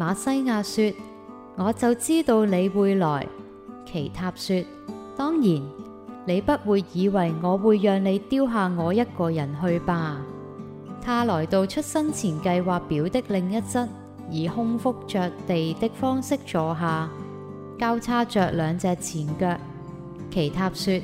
馬西亞說：我就知道你會來。奇塔說：當然，你不會以為我會讓你丟下我一個人去吧？他來到出生前計劃表的另一側，以空腹着地的方式坐下，交叉着兩隻前腳。奇塔說：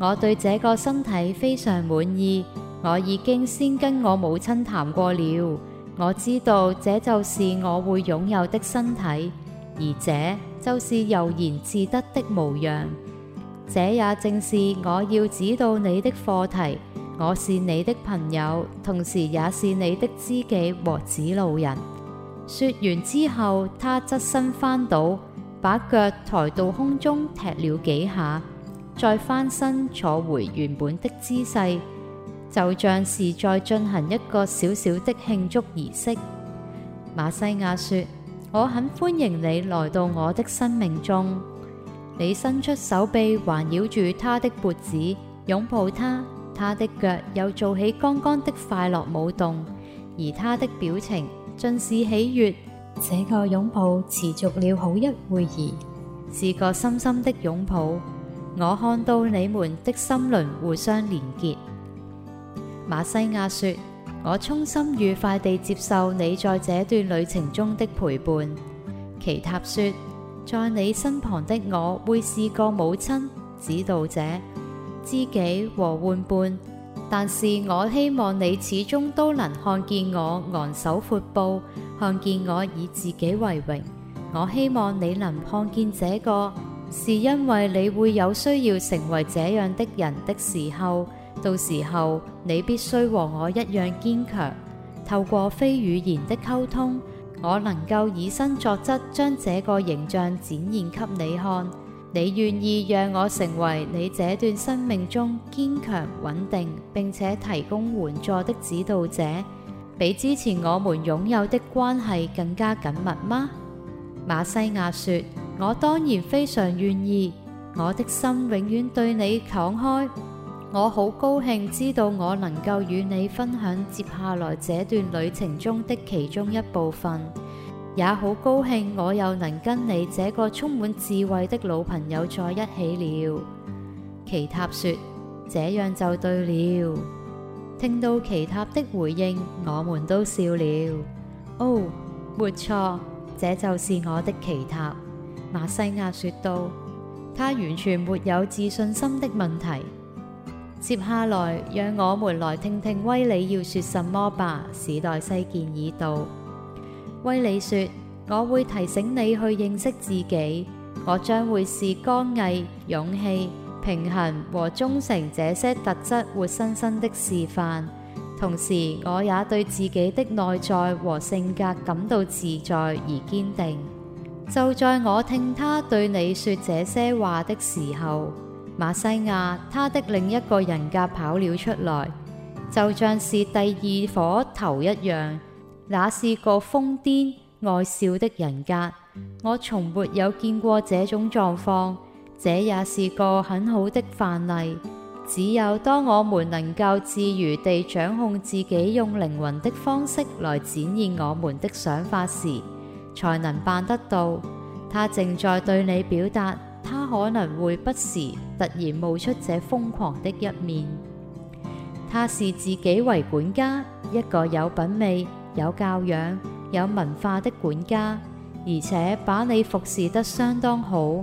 我對這個身體非常滿意，我已經先跟我母親談過了。我知道這就是我會擁有的身體，而這就是悠然自得的模樣。這也正是我要指導你的課題。我是你的朋友，同時也是你的知己和指路人。說完之後，他側身翻倒，把腳抬到空中踢了幾下，再翻身坐回原本的姿勢。就像是在進行一個小小的慶祝儀式，瑪西雅說：我很歡迎你來到我的生命中。你伸出手臂環繞住他的脖子，擁抱他。他的腳又做起剛剛的快樂舞動，而他的表情盡是喜悦。這個擁抱持續了好一會兒，是個深深的擁抱。我看到你們的心輪互相連結。馬西亞說，我衷心愉快地接受你在這段旅程中的陪伴。奇塔說，在你身旁的我會是個母親、指導者、知己和玩伴，但是我希望你始終都能看見我昂首闊步，看見我以自己為榮。我希望你能看見這個，是因為你會有需要成為這樣的人的時候。到時候你必須和我一樣堅強。透過非語言的溝通，我能夠以身作則，將這個形象展現給你看。你願意讓我成為你這段生命中堅強、穩定並且提供援助的指導者，比之前我們擁有的關係更加緊密嗎？馬西亞說：我當然非常願意，我的心永遠對你敞開。我好高興，知道我能夠與你分享接下來這段旅程中的其中一部分，也好高興我又能跟你這個充滿智慧的老朋友在一起了。奇塔說：這樣就對了。聽到奇塔的回應，我們都笑了。哦，沒錯，這就是我的奇塔。馬西亞說道，他完全沒有自信心的問題。接下來，讓我們來聽聽威里要說什麼吧。時代西建議道，威里說，我會提醒你去認識自己，我將會是剛毅、勇氣、平衡和忠誠這些特質活生生的示範。同時，我也對自己的內在和性格感到自在而堅定。就在我聽他對你說這些話的時候。瑪西雅，他的另一個人格跑了出來，就像是第二火頭一樣。那是個瘋癲愛笑的人格，我從沒有見過這種狀況。這也是個很好的範例。只有當我們能夠自如地掌控自己用靈魂的方式來展現我們的想法時，才能辦得到。他正在對你表達。他可能會不時突然冒出這瘋狂的一面。他視自己為管家，一個有品味、有教養、有文化的管家，而且把你服侍得相當好。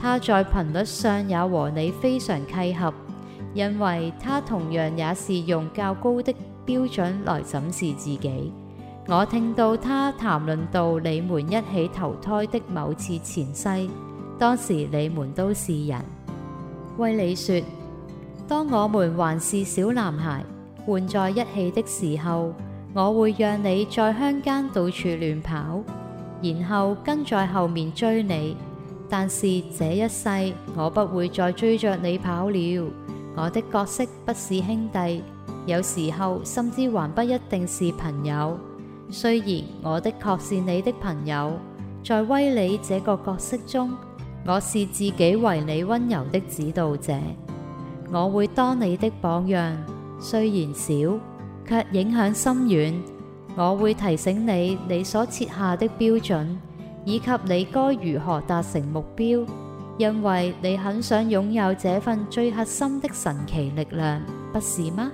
他在頻率上也和你非常契合，因為他同樣也是用較高的標準來審視自己。我聽到他談論到你們一起投胎的某次前世。當時你們都是人，威利說：當我們還是小男孩，混在一起的時候，我會讓你在鄉間到處亂跑，然後跟在後面追你。但是這一世，我不會再追着你跑了。我的角色不是兄弟，有時候甚至還不一定是朋友。雖然我的確是你的朋友，在威利這個角色中。我是自己為你溫柔的指導者，我會當你的榜樣，雖然少，卻影響深遠。我會提醒你你所設下的標準，以及你該如何達成目標，因為你很想擁有這份最核心的神奇力量，不是嗎？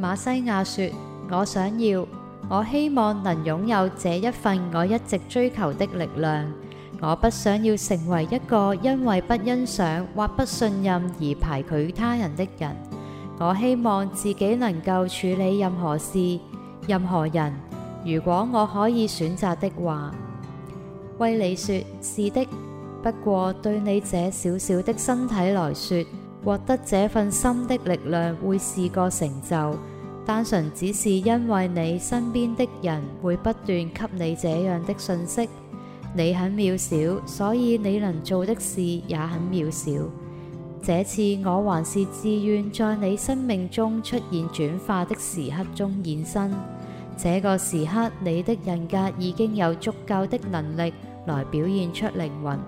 馬西亞說：我想要，我希望能擁有這一份我一直追求的力量。我不想要成為一個因為不欣賞或不信任而排拒他人的人。我希望自己能夠處理任何事、任何人。如果我可以選擇的話。威利說，是的。不過對你這小小的身體來說，獲得這份心的力量會是個成就。單純只是因為你身邊的人會不斷給你這樣的訊息。你很渺小，所以你能做的事也很渺小。這次我還是自願在你生命中出現轉化的時刻中現身。這個時刻你的人格已經有足夠的能力來表現出靈魂。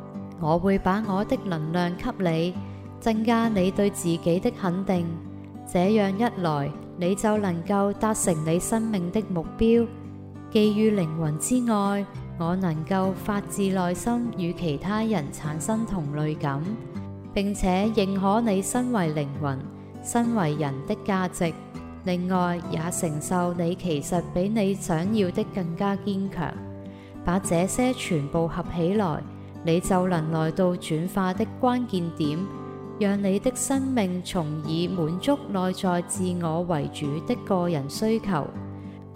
我會把我的能量給你，增加你對自己的肯定。這樣一來，你就能夠達成你生命的目標。寄予靈魂之外。我能夠發自內心與其他人產生同類感，並且認可你身為靈魂、身為人的價值。另外，也承受你其實比你想要的更加堅強。把這些全部合起來，你就能來到轉化的關鍵點，讓你的生命從以滿足內在自我為主的個人需求。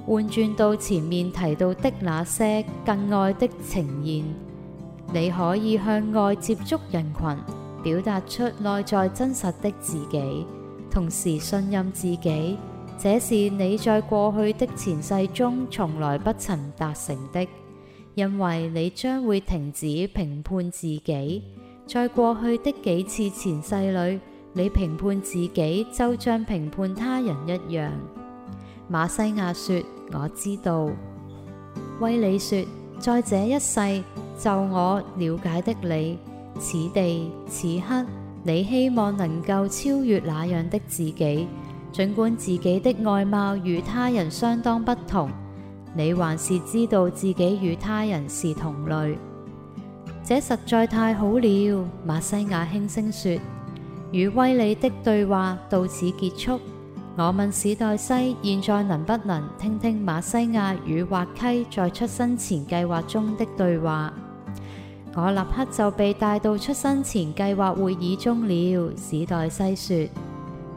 換轉到前面提到的那些更愛的呈現，你可以向外接觸人群，表達出內在真實的自己，同時信任自己。這是你在過去的前世中從來不曾達成的，因為你將會停止評判自己。在過去的幾次前世裏，你評判自己，就像評判他人一樣。馬西亞說：我知道。威利說：在這一世，就我了解的你，此地此刻，你希望能夠超越那樣的自己。盡管自己的外貌與他人相當不同，你還是知道自己與他人是同類。這實在太好了。馬西亞輕聲說：與威利的對話到此結束。我問史黛西，現在能不能聽聽馬西亞與滑溪在出生前計劃中的對話？我立刻就被帶到出生前計劃會議中了。史黛西說：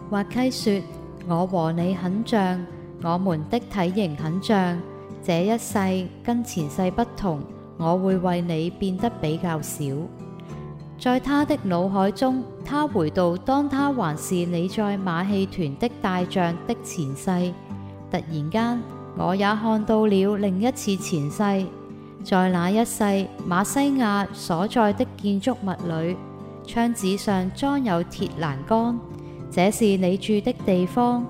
滑溪說，我和你很像，我們的體型很像。這一世跟前世不同，我會為你變得比較少。在他的腦海中，他回到當他還是你在馬戲團的大象的前世。突然間，我也看到了另一次前世。在那一世，馬西亞所在的建築物裏，窗子上裝有鐵欄杆。這是你住的地方，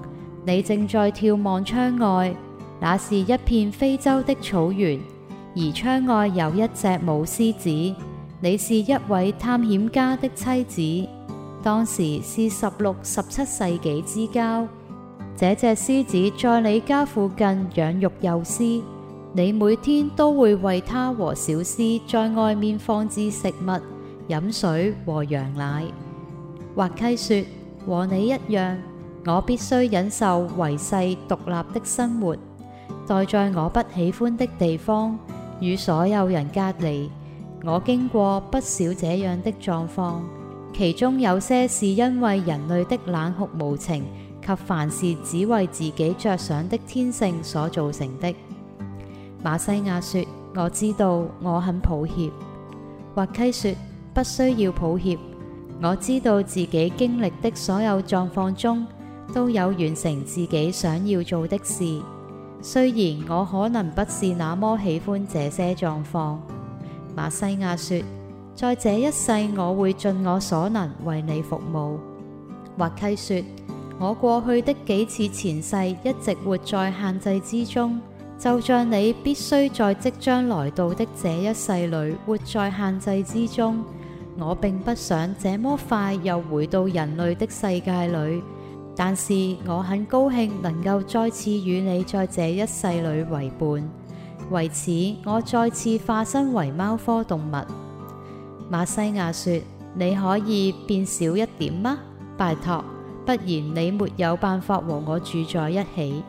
你正在眺望窗外。那是一片非洲的草原，而窗外有一隻母獅子。你是一位探險家的妻子，當時是十六、十七世紀之交。這隻獅子在你家附近養育幼獅，你每天都會為它和小獅在外面放置食物、飲水和羊奶。滑稽說：和你一樣，我必須忍受遺世獨立的生活，待在我不喜歡的地方，與所有人隔離。我經過不少這樣的狀況，其中有些是因為人類的冷酷無情及凡事只為自己着想的天性所造成的。瑪西雅說：我知道我很抱歉。滑溪說：不需要抱歉，我知道自己經歷的所有狀況中，都有完成自己想要做的事，雖然我可能不是那麼喜歡這些狀況。馬西亞說：在這一世，我會盡我所能為你服務。滑稽說：我過去的幾次前世一直活在限制之中，就像你必須在即將來到的這一世裏活在限制之中。我並不想這麼快又回到人類的世界裏，但是我很高興能夠再次與你在這一世裏為伴。為此，我再次化身為貓科動物。瑪西雅說：，你可以變小一點嗎？拜託，不然你沒有辦法和我住在一起。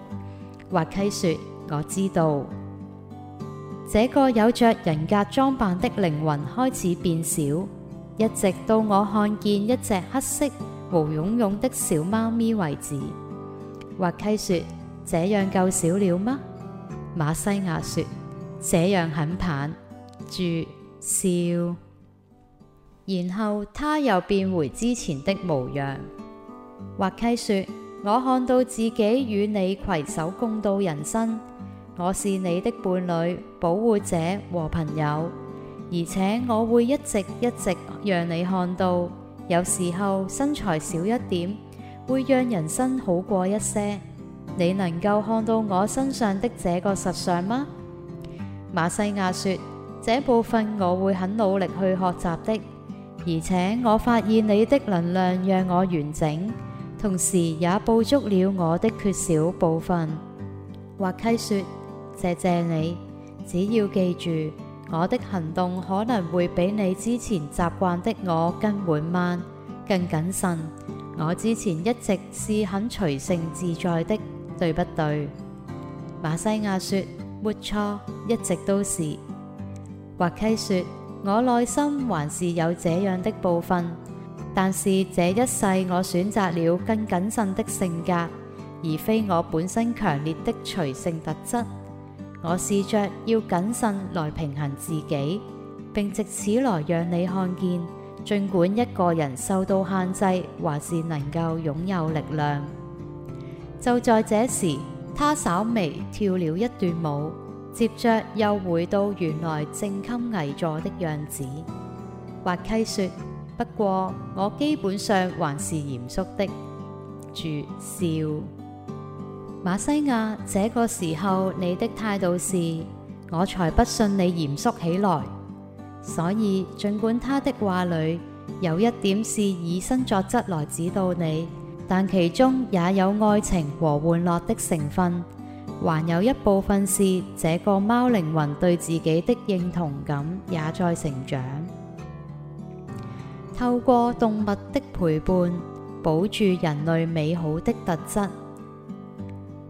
滑稽說：，我知道。這個有着人格裝扮的靈魂開始變小，一直到我看見一隻黑色毛茸茸的小貓咪為止。滑稽說：，這樣夠小了嗎？馬西亞說：這樣很棒，住笑。然後他又變回之前的模樣。滑稽說：我看到自己與你携手共度人生，我是你的伴侶、保護者和朋友，而且我會一直一直讓你看到。有時候身材小一點，會讓人生好過一些。你能夠看到我身上的這個實相嗎？馬西亞說，這部分我會很努力去學習的，而且我發現你的能量讓我完整，同時也捕捉了我的缺少部分。畫溪說，謝謝你，只要記住我的行動可能會比你之前習慣的我更緩慢、更謹慎。我之前一直是很隨性自在的。對不對？馬西亞說：沒錯，一直都是。滑溪說：我內心還是有這樣的部分，但是這一世我選擇了更謹慎的性格，而非我本身強烈的隨性特質。我試着要謹慎來平衡自己，並借此來讓你看見，儘管一個人受到限制，還是能夠擁有力量。就在這時，他稍微跳了一段舞，接着又回到原來正襟危坐的樣子。滑稽說：不過我基本上還是嚴肅的。住笑，馬西亞，這個時候你的態度是，我才不信你嚴肅起來。所以盡管他的話裏有一點是以身作則來指導你。但其中也有愛情和玩樂的成分，還有一部分是這個貓靈魂對自己的認同感也在成長。透過動物的陪伴，保住人類美好的特質。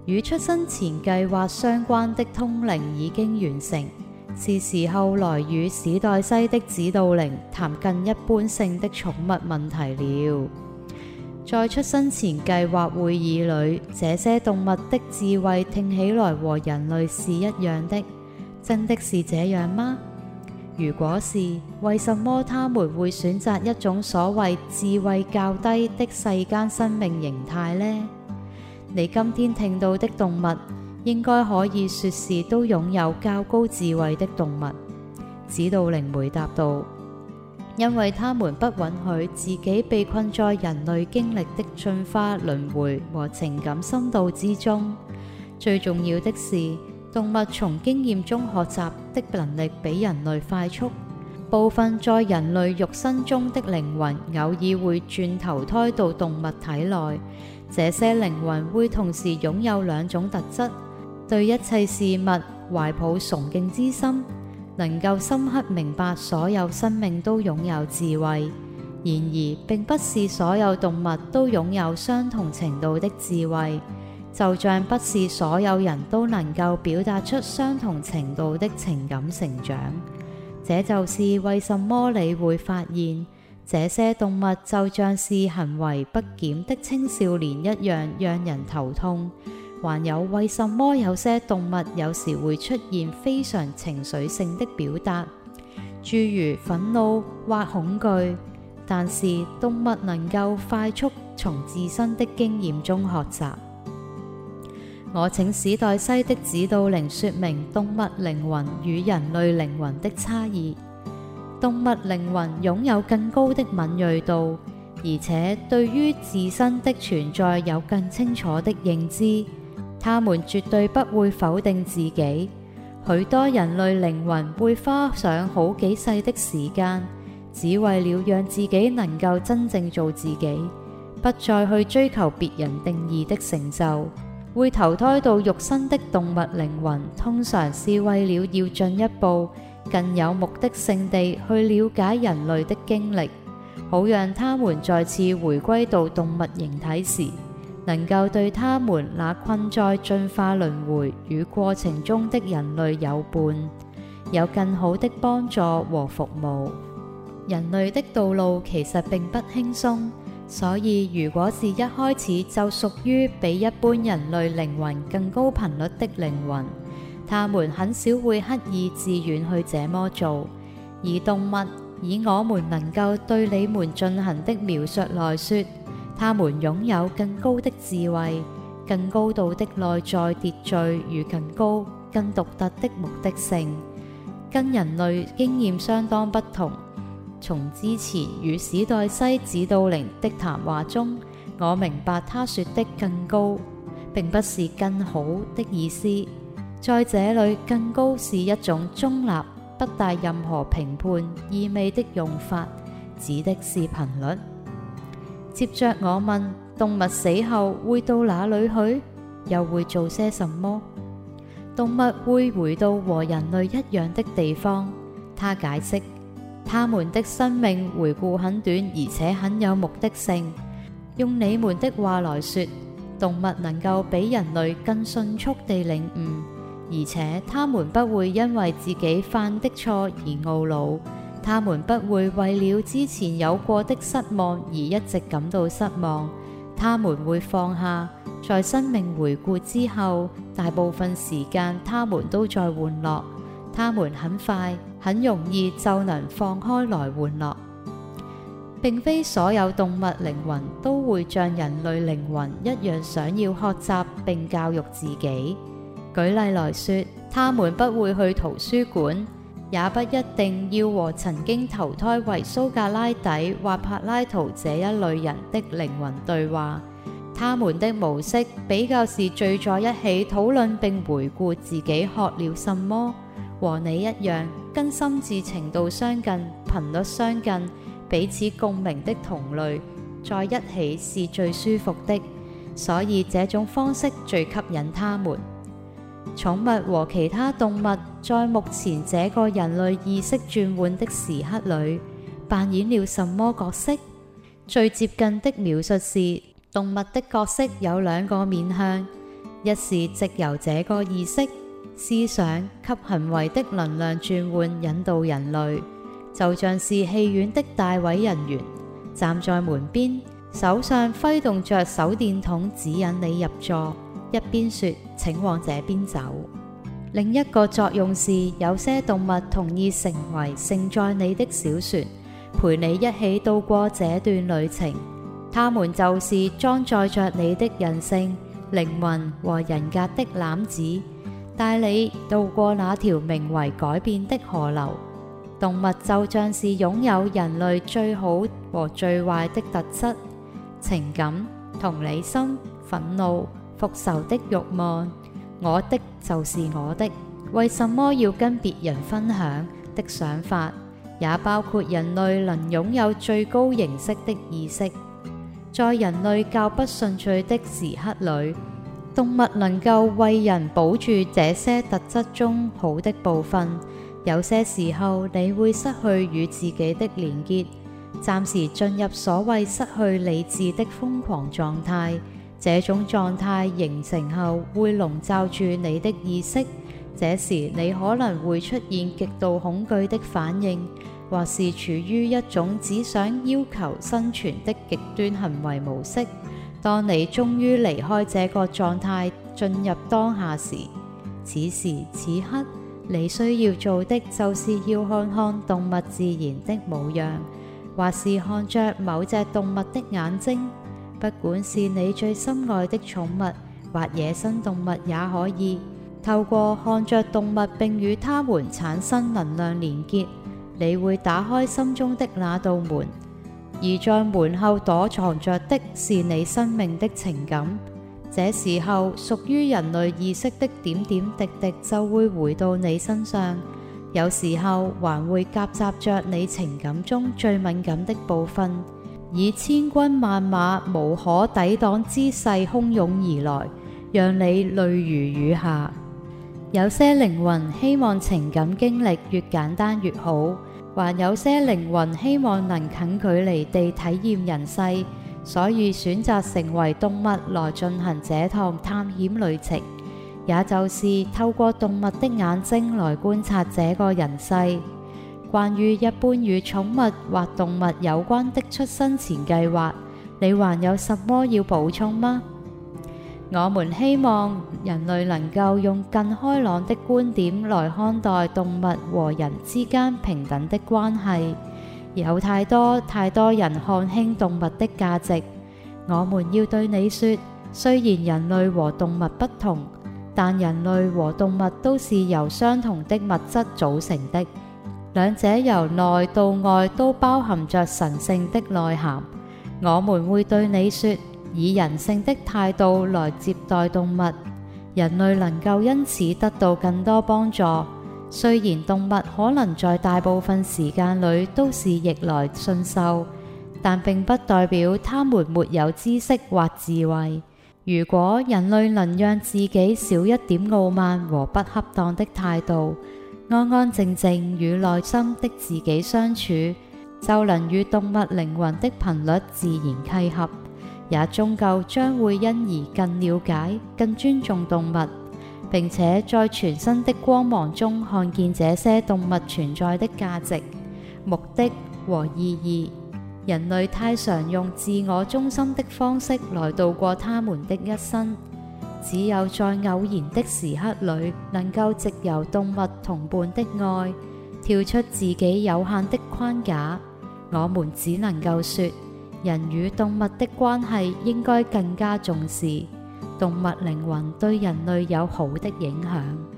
與出生前計劃相關的通靈已經完成，是時候來與史黛西的指導靈談更一般性的寵物問題了。在出生前計劃會議裏，這些動物的智慧聽起來和人類是一樣的。真的是這樣嗎？如果是，為什麼他們會選擇一種所謂智慧較低的世間生命形態呢？你今天聽到的動物，應該可以說是都擁有較高智慧的動物。指導靈回答道。因為他們不允許自己被困在人類經歷的進化、輪迴和情感深度之中。最重要的是，動物從經驗中學習的能力比人類快速。部分在人類肉身中的靈魂，偶爾會轉投胎到動物體內。這些靈魂會同時擁有兩種特質：對一切事物懷抱崇敬之心。能夠深刻明白所有生命都擁有智慧，然而並不是所有動物都擁有相同程度的智慧，就像不是所有人都能夠表達出相同程度的情感成長。這就是為什麼你會發現這些動物就像是行為不檢的青少年一樣，讓人頭痛。還有為什麼有些動物有時會出現非常情緒性的表達，諸如憤怒或恐懼？但是動物能夠快速從自身的經驗中學習。我請史黛西的指導靈說明動物靈魂與人類靈魂的差異。動物靈魂擁有更高的敏銳度，而且對於自身的存在有更清楚的認知。他們絕對不會否定自己。許多人類靈魂會花上好幾世的時間，只為了讓自己能夠真正做自己，不再去追求別人定義的成就。會投胎到肉身的動物靈魂，通常是為了要進一步、更有目的性地去了解人類的經歷，好讓他們再次回歸到動物形體時，能夠對他們那困在進化輪迴與過程中的人類有伴，有更好的幫助和服務。人類的道路其實並不輕鬆，所以如果是一開始就屬於比一般人類靈魂更高頻率的靈魂，他們很少會刻意自願去這麼做。而動物，以我們能夠對你們進行的描述來說，他們擁有更高的智慧、更高度的內在秩序與更高、更獨特的目的性，跟人類經驗相當不同。從之前與史代西指導靈的談話中，我明白他說的更高並不是更好的意思，在這裡更高是一種中立、不帶任何評判意味的用法，指的是頻率。接著我問動物死後會到哪裡去，又會做些什麼？動物會回到和人類一樣的地方。他解釋，他們的生命回顧很短，而且很有目的性。用你們的話來說，動物能夠比人類更迅速地領悟，而且他們不會因為自己犯的錯而懊惱。他們不會為了之前有過的失望而一直感到失望，他們會放下。在生命回顧之後，大部分時間他們都在玩樂，他們很快、很容易就能放開來玩樂。並非所有動物靈魂都會像人類靈魂一樣想要學習並教育自己。舉例來說，他們不會去圖書館。也不一定要和曾經投胎為蘇格拉底或柏拉圖這一類人的靈魂對話，他們的模式比較是聚在一起討論並回顧自己學了什麼，和你一樣，跟心智程度相近、頻率相近、彼此共鳴的同類在一起是最舒服的，所以這種方式最吸引他們。寵物和其他動物在目前這個人類意識轉換的時刻裏扮演了什麼角色？最接近的描述是，動物的角色有兩個面向，一是藉由這個意識、思想及行為的能量轉換引導人類，就像是戲院的帶位人員站在門邊，手上揮動着手電筒指引你入座。一邊說，請往這邊走。另一個作用是，有些動物同意成為盛載你的小船，陪你一起度過這段旅程。他們就是裝載着你的人性、靈魂和人格的籃子，帶你度過那條名為改變的河流。動物就像是擁有人類最好和最壞的特質、情感、同理心、憤怒。復仇的慾望，我的就是我的，為什麼要跟別人分享的想法，也包括人類能擁有最高形式的意識，在人類較不順序的時刻裡，動物能夠為人保住這些特質中好的部分。有些時候，你會失去與自己的連結，暫時進入所謂失去理智的瘋狂狀態。這種狀態形成後，會籠罩住你的意識。這時你可能會出現極度恐懼的反應，或是處於一種只想要求生存的極端行為模式。當你終於離開這個狀態，進入當下時，此時此刻，你需要做的就是要看看動物自然的模樣，或是看著某隻動物的眼睛。不管是你最深愛的寵物或野生動物也可以，透過看着動物並與它們產生能量連結，你會打開心中的那道門。而在門後躲藏着的是你生命的情感。這時候屬於人類意識的點點滴滴就會回到你身上，有時候還會夾雜着你情感中最敏感的部分。以千軍萬馬、無可抵擋之勢洶湧而來，讓你淚如雨下。有些靈魂希望情感經歷越簡單越好，還有些靈魂希望能近距離地體驗人世，所以選擇成為動物來進行這趟探險旅程，也就是透過動物的眼睛來觀察這個人世。關於一般與寵物或動物有關的出生前計劃，你還有什麼要補充嗎？我們希望人類能夠用更開朗的觀點來看待動物和人之間平等的關係。有太多太多人看輕動物的價值。我們要對你說：雖然人類和動物不同，但人類和動物都是由相同的物質組成的。兩者由內到外都包含著神性的內涵。我們會對你說，以人性的態度來接待動物，人類能夠因此得到更多幫助。雖然動物可能在大部分時間裏都是逆來順受，但並不代表他們沒有知識或智慧。如果人類能讓自己少一點傲慢和不恰當的態度，安安靜靜與內心的自己相處，就能與動物靈魂的頻率自然契合，也終究將會因而更了解、更尊重動物，並且在全身的光芒中看見這些動物存在的價值、目的和意義。人類太常用自我中心的方式來度過他們的一生。只有在偶然的時刻裏，能夠藉由動物同伴的愛，跳出自己有限的框架，我們只能夠說，人與動物的關係應該更加重視，動物靈魂對人類有好的影響。